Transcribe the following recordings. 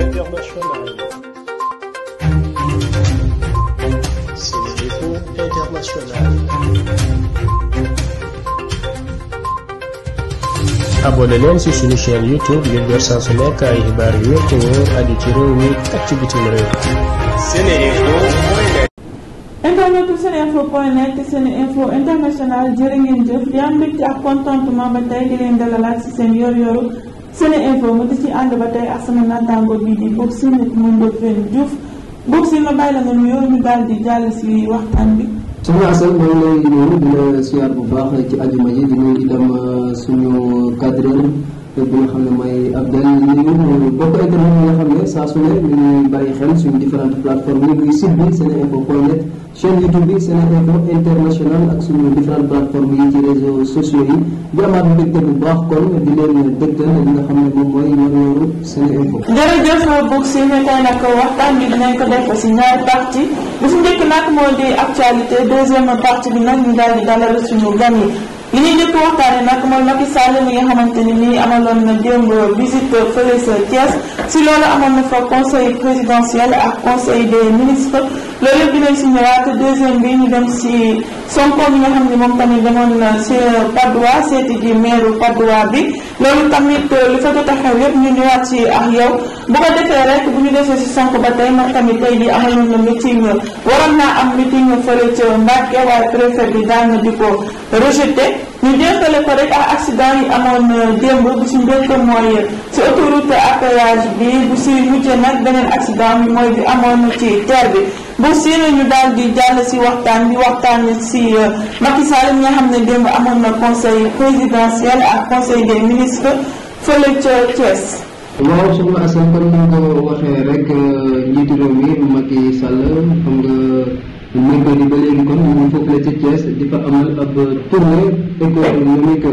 internationale. C'est l'info internationale. abonné leen ci suñu chaîne YouTube ngir jot yu wér te wóor aju ci mi ak ci international jërë jëf yaa mbégte ak contentement ba tey di leen dalalaat ci seen yor-yoru. Sene Info mu di ci ànd ba tey ak sama naataango bii di Bour Sine mu Ndofène leen Diouf Bour Sine ma bàyyi la nga nuyoo ñu daal di jàll si waxtaan bi. su Assane maa ngi lay nuyu di la siyaar bu baax ci àjjuma ji di nuyu itam euh, suñu cadre bi nga xam ne mooy Abdel ñu bokk ay gërëm nga xam ne saa su ne ñu ngi bàyyi xel suñu différentes plateformes yi muy site bi seneinfo point net chaîne YouTube bi seneinfo international ak suñu différentes yi ci réseaux sociaux yi di amaat mbégte bu baax kon di leen dëgtal li nga xam ne moom mooy yor-yoru seneinfo. jërëjëf Bouck si ñu tey nag waxtaan bi dinañ ko def si ñaari bi nag ñu daal di dalal suñu gan yi li ñuy njëkk waxtaanee nag moom Macky Sall mi ni nii amaloon si loolu amoon na fa conseil présidentiel ak conseil des ministres loolu yëpp dinañ si ñëwaat si Sonko mi nga xam ne moom tamit demoon na si Padoa seeti bi loolu tamit euh, li fa jot a xew yëpp ñu ñëwaat si ak yow bu ko defee rek bu ñu defee si Sonko ba tey moom tamit tey ji amaloon na meeting waroon naa am meeting fële ca Mbacke waaye bi daan na di ko rejeté ñu jeexale ko rek ak accident yi amoon euh, démb bi si njëkk mooy si autoroute à péage bi bu si mujje nag beneen accident bi mooy bi amoon ci terre bi si siiree ñu daal di jàll si waxtaan bi waxtaan si euh, Macky Sall mi xam ne démb amoon na conseil présidentiel ak conseil des ministres fële ca Thiès waaw soxna Assane kon ni nga ko waxee rek euh, njiitu réew mi Macky Sall xam nga mercredi ba léegi kon ñu ngi foofu la ca Thiès di fa amal ab tournée économique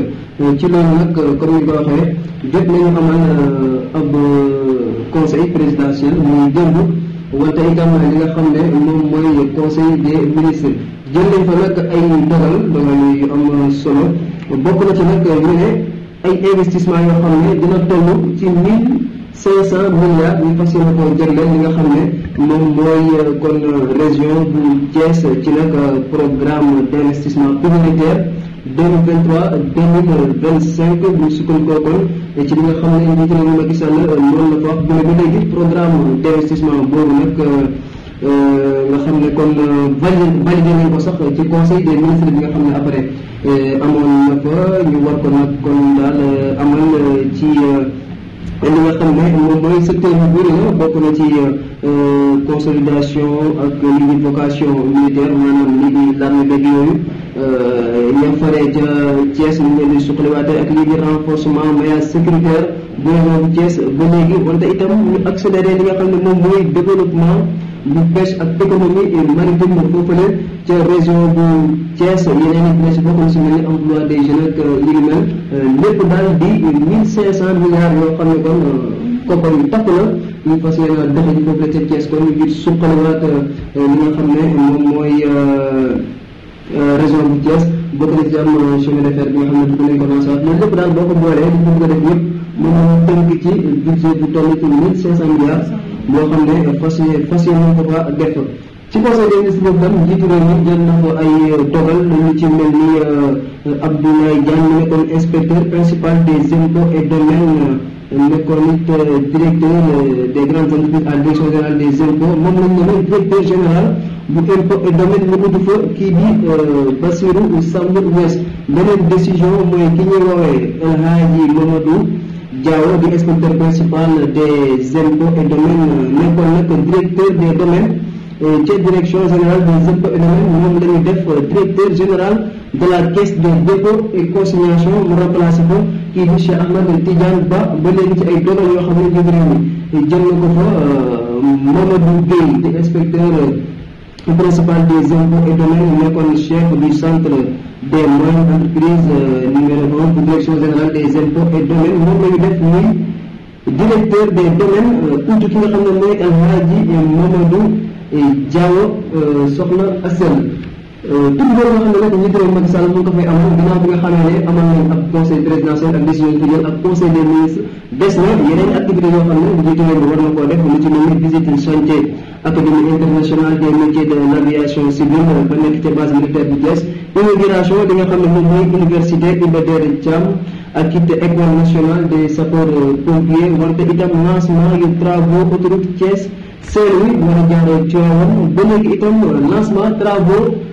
euh, ci loolu nag euh, comme ni ko waxee jot nañu amal euh, ab conseil présidentiel muy démb wante itam li nga xam ne moom mooy conseil des ministres jël nañ fa nag ay dogal dogal yu am solo bokk na ci nag ñu ne ay investissement yoo xam ne dina toll ci mille cinq cent milliards ñu fas yéene koo jagleel li nga xam ne moom mooy euh, kon euh, région bu Thiès ci nag euh, programme d' investissement communautaire deux mille vingt trois deux mille vingt cinq bu sukkandikoo kon ci li nga xam ne njiit réew Macky Sall noonu la fa wax bu ne ba léegi programme d' boobu nag nga xam ne kon validé validé nañ ko sax ci conseil des ministres bi nga xam ne après amoon na fa ñu war ko nag kon daal amal ci li nga xam ne moom mooy secteur bu bëri la bokk na ci. Euh, consolidation ak li ñuy vocation militaire maanaam lii di l'armée beeg yooyu euh, ña faree ca Thiès ñu leen di suqaliwaate ak lii di renforcement maillage sécuritaire bu ba léegi nga xam ne moom mooy développement bu pêche ak économie maritime foofale ca région bu Thiès yeneen i pêche bokk si mel ni emploi des jeunes ak li euh, ñu mel lépp daal di milliards yoo xam ne kon koppar yu takk la ñu fas yéene dexe ji foofu la ca Thiès kon ñu ngir suqaliwaat euh, euh, li nga xam ne moom mooy euh, région bu Thiès bokk na ci am chemin de bi nga xam ne dugg nañ ko loolu lépp daal boo ko boolee li bëgg a def yëpp mën tënk ci budget bu toll ci mille cinq boo xam ne fas yéene fas yéene ko fa def ci conseil des ministres boobu tam njiitu réew mi jël na ko ay dogal lu ci mel ni Abdoulaye Diagne mi nekkoon inspecteur principal des impôts et domaines nekkoon it euh, directeur euh, des grandes entreprises à direction générale des impôts moom lañ ñëwee directeur général bu impôt et domaine mu tudd fa kii di euh, Bassirou Samb West beneen décision mooy ki ñuy woowee El Hadji Mamadou Diaw di inspecteur principal des impôts et domaines nekkoon nag directeur des domaines ca direction générale des impôts et domaines moom la def directeur général de la caisse des dépôts et consignations mu remplacé ko kii di Cheikh Ahmed Tidiane Ba ba léegi ci ay dogal yoo xam ne jóge réew mi jël na ko fa euh, Mamadou Gueye di inspecteur euh, principal des impôts et domaines nekkoon chef du centre des moyennes entreprises euh, numéro un la ñu directeur des domaines utu ki nga xam ne mooy El Hadji Mamadou Diawo soxna Assel Euh, tudd boobu nga xam ne nag ñi gërëm Macky Sall mu ngi ko nga xamee ne amal nañ ak conseil présidentiel ak décision yi ak conseil des ministres des na yeneen activités yoo xam ne njiitu réew mi war na euh, ba war a jaaree Tivaouane ba itam euh, lancement travaux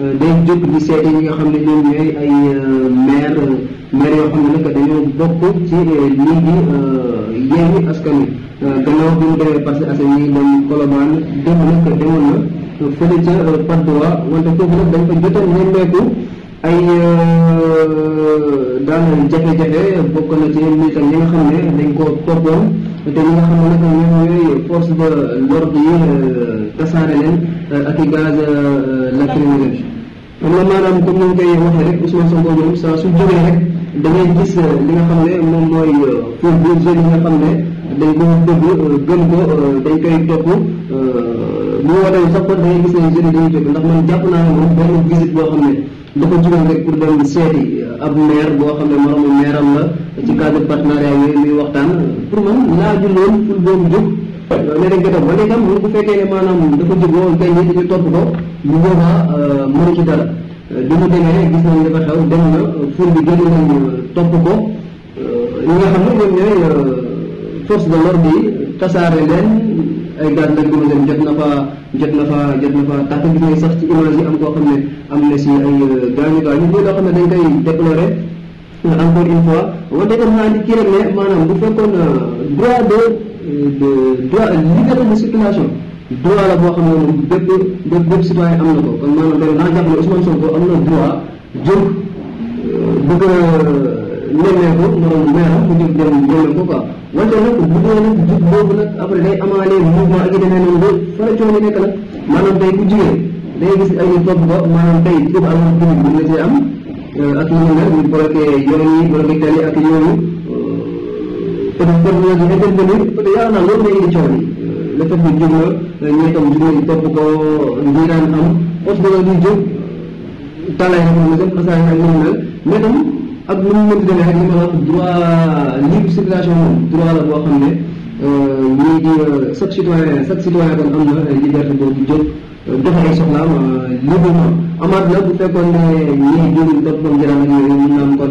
Euh, day jóg di seete ñi nga xam ne ñoom ñooy ay euh, maire euh, maire yoo xam ne nag dañoo bokk ci lii di Yewwi Wi gannaaw bi mu demee Parcelles Assainies yi dem Colobane dem nag demoon na fële ca Patte d'Oie wante foofu nag dañ fa jotoon nemmeeku ay daal jafe-jafe bokk na ci ñi tam ñi nga xam ne dañ ko toppoon te ñi nga xam ne nag ñoom ñooy force de l'ordre yi euh, tasaare leen euh, ak i gaz euh, lacrymogène xam nga maanaam comme ni koy waxee rek Ousmane Sonko moom saa su jógee rek da ngay gis li nga xam ne moom mooy pour biir zone yi nga xam ne dañ ko bëgg gëm ko dañ koy topp bu ñu sax da ngay gis ne jeunes dañuy topp ndax man jàpp naa moom benn visite boo xam ne dafa jógee rek pour dem seeti ab maire boo xam ne moromu maire am la ci cadre partenariat yooyu muy waxtaan pour man laajul woon pour boobu jóg ne dañ ko def ba léegi tam bu fekkee ne maanaam dafa jóg woon kay ñi dañu topp ko bu boobaa euh, mënu ci dara euh, euh, nga xam ne ñoom ñooy force de l'ordre yi tasaare leen ay gàtt nag bi mu dem jot na fa jot na faa jot na faa tàkk gis nañ sax ci image yi am koo xam ne am na si ay euh, gaañu gaañu lii loo xam ne dañ koy déplorer encore une fois wante comme xaa ndi kiiré ne maanaam bu fekkoon euh, droit de droit liberté de circulation droit la boo xam ne moom bépp bépp bépp citoyen am na ko kon maanaam dañ naa jàpp ne Ousmane Sonko am na droit jóg euh, bëgg ñemee ko ñoom meeram mu jóg dem ñeme a quoi wante nag bu dee nag jub boobu nag après day amaale mouvement ak i demee noonu loolu fa la coono nekk nag maanaam tey ku jigéen day gis ay topp ko maanaam tey jub alal public bi nga see am euh, ak ñu mel ñu bloqué yoon yi bloqué tali ak yooyu euh, peut être kon ñoo di intervenir peut être yaakaar naa loolu day indi coono euh, le fait que jub la ñooy tam jigéen topp ko ngiiraan am os dana di jóg talaay xam ne sax xasaay ak ñu mel mais ak lu mu mënti demee rek li ma la droit libre circulation moom droit la boo xam ne ñii euh, di euh, chaque citoyen chaque citoyen kon am na euh, liberté boobu jóg doxal soxlaam librement amaat na bu fekkoon ne ñii jógul dopp moom jaraam ak yooyu mun na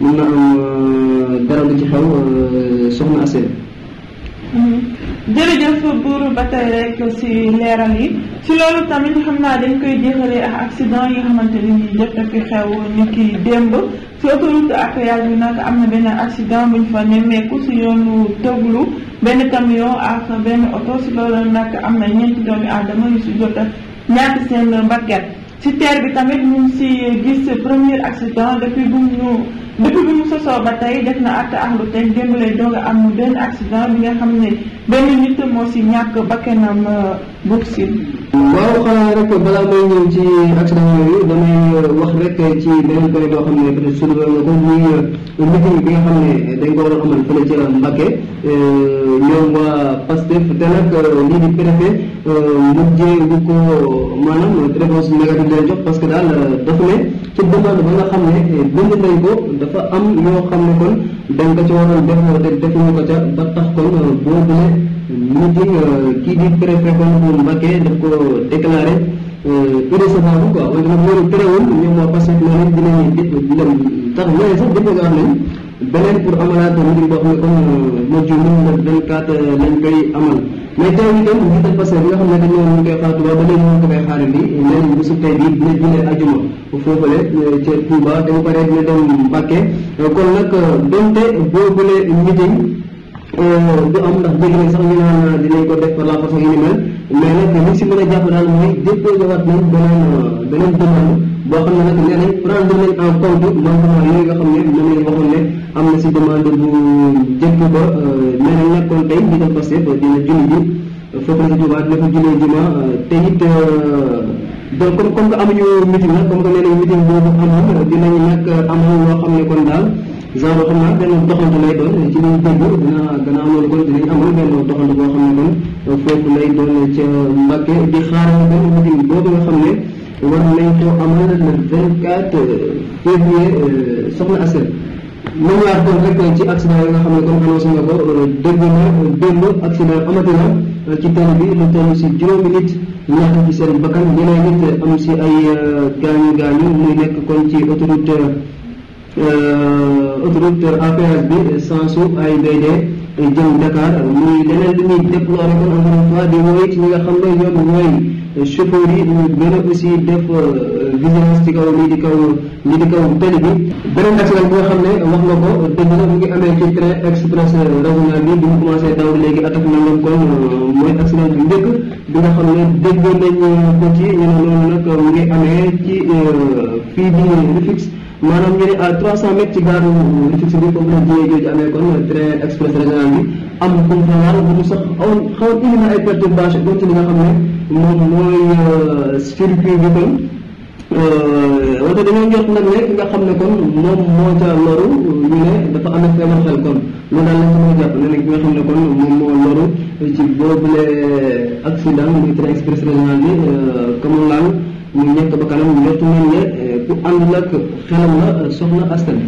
mun na am dara lu ci xew soxna Asel mm-hmm. jërëjëf buuru ba tey rek si leeral yi si loolu tamit xam naa dañ koy jeexalee ak accident yi nga xamante ni ñu jot a fi xew ni ki démb si autoroute ak yàgg bi nag am na benn accident bu ñu fa nemmeeku si yoonu toglu benn camion ak benn oto si loolu nag am na ñeenti doomi aadama yu si jot a ñaati seen mbaggat si teer bi tamit ñu ngi si gis premier accident depuis bu ñu depuis bu ñu sosoo ba tey def na at ak lu tey démb lay doog a am benn accident bi nga xam ne benn nit moo si ñàkk bakkanam euh, Bour Sine. waaw xanaa rek balaa may ñëw ci accident yooyu damay euh, wax rek ci beneen bëri boo xam ne peut être suñu loolu la muy euh, meeting bi nga xam ne dañ ko war a amal fële ca Mbacké ñoom waa Pastef ko maanaam réponse négative lay jox parce que daal dafa ne ci demande ba nga xam ne eh, bind nañ ko dafa am yoo xam ne kon dañ ko ci waroon def te defuñu ko ca ba tax mu di euh, kii di préfet kon bu daf ko déclaré euh, irrecevable quoi wante nag loolu terewul nga xam ne comme euh, moo jur moom la lañ koy amal mais tey jii tam njiital Pastef bi nga xam ne dañoo ñu koy xaar Touba ba léegi ñu ko koy xaaral bi nee nañ bisu tey bii dina jullee ajuma foofule ca Touba te ba pare dina kon nag donte boobule meeting Euh, du am ndax dégg nañ sax ñu naan dinañ ko def par la façon yu ni mel mais nag li si mën a jàpp daal mooy déposewaat nañ beneen euh, beneen boo xam ne nag nee nañ prendre nañ en compte manquement ne moom am na si demande bu jëkk ba nee euh, nañ nag kon tey di def passé dina julli ji foofu la si jubaat dafa jullee juma te it donc comme comme que amuñu meeting nag comme que nee nañ meeting boobu amul dinañ nag amoon loo xam ne kon daal genre xam naa benn doxantu lay doon ci liñ dégg dina dana amoon kon dinañ amal benn doxantu boo xam ne kon foofu lay doon ca Mbàkke di xaaral benn meeting boobu ci na ci tali bi lu toll si juróomi nit ñàkk ci seen bakkan ñeneen nit am si ay gaañu gaañu muy nekk kon ci autoroute autoroute à péage bi sensu AIBD jëm Dakar muy leneen li ñuy déploré ko encore une fois di mooy ñi nga xam ne ñoom mooy chauffeur yi ñu gën a aussi def euh, vigilance ci kaw lii di kaw lii di kaw tali bi. beneen accident bi nga xam ne wax na ko dëgg la mu ngi amee ci train express régional bi bi mu commencé daw léegi attaque nangam kon euh, mooy accident bi njëkk bi nga xam ne déggoon nañ ko ci ñu ne loolu nag mu ngi amee ci euh, fii bi Rufisque. maanaam ñu ne à 300 mètres ci gaaru Rufisque bi foofu la jiyee jooju amee kon train express régional bi am comme que waaw na ay ne moom mooy euh, circuit bi kon euh, wante dañoo njort nag ne nga xam ne kon moom moo loru ko mën a jàpp ci boobule accident muy train express régional bi euh, comme laal. muy ñett ba kanam ñett mel ne eh, ku ànd nag xelam la soxna askan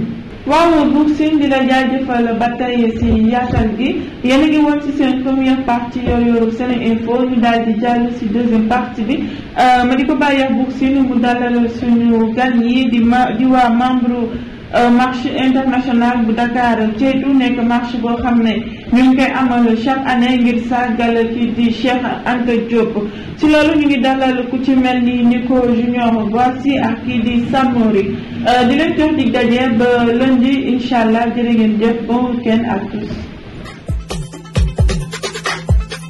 waaw bu sin di la jaajëfal ba tey si yaatal gi a ngi woon ci seen première partie Yoor Yooru SeneInfo ñu daal jàll si deuxième partie bi euh, ma di ko bàyyi ak bu mu dalal suñu gan yi di ma di waa membre euh, marché international bu Dakar Ceytu nekk marché boo xam ne ñu ngi koy amal chaque année ngir sargal kii di Cheikh Anta Diop ci loolu ñu ngi dalal ku ci mel ni Nico Junior Boissy ak kii di Samori euh, di leen jox di daje ba lundi incha allah jërë ngeen jëf bon week-end à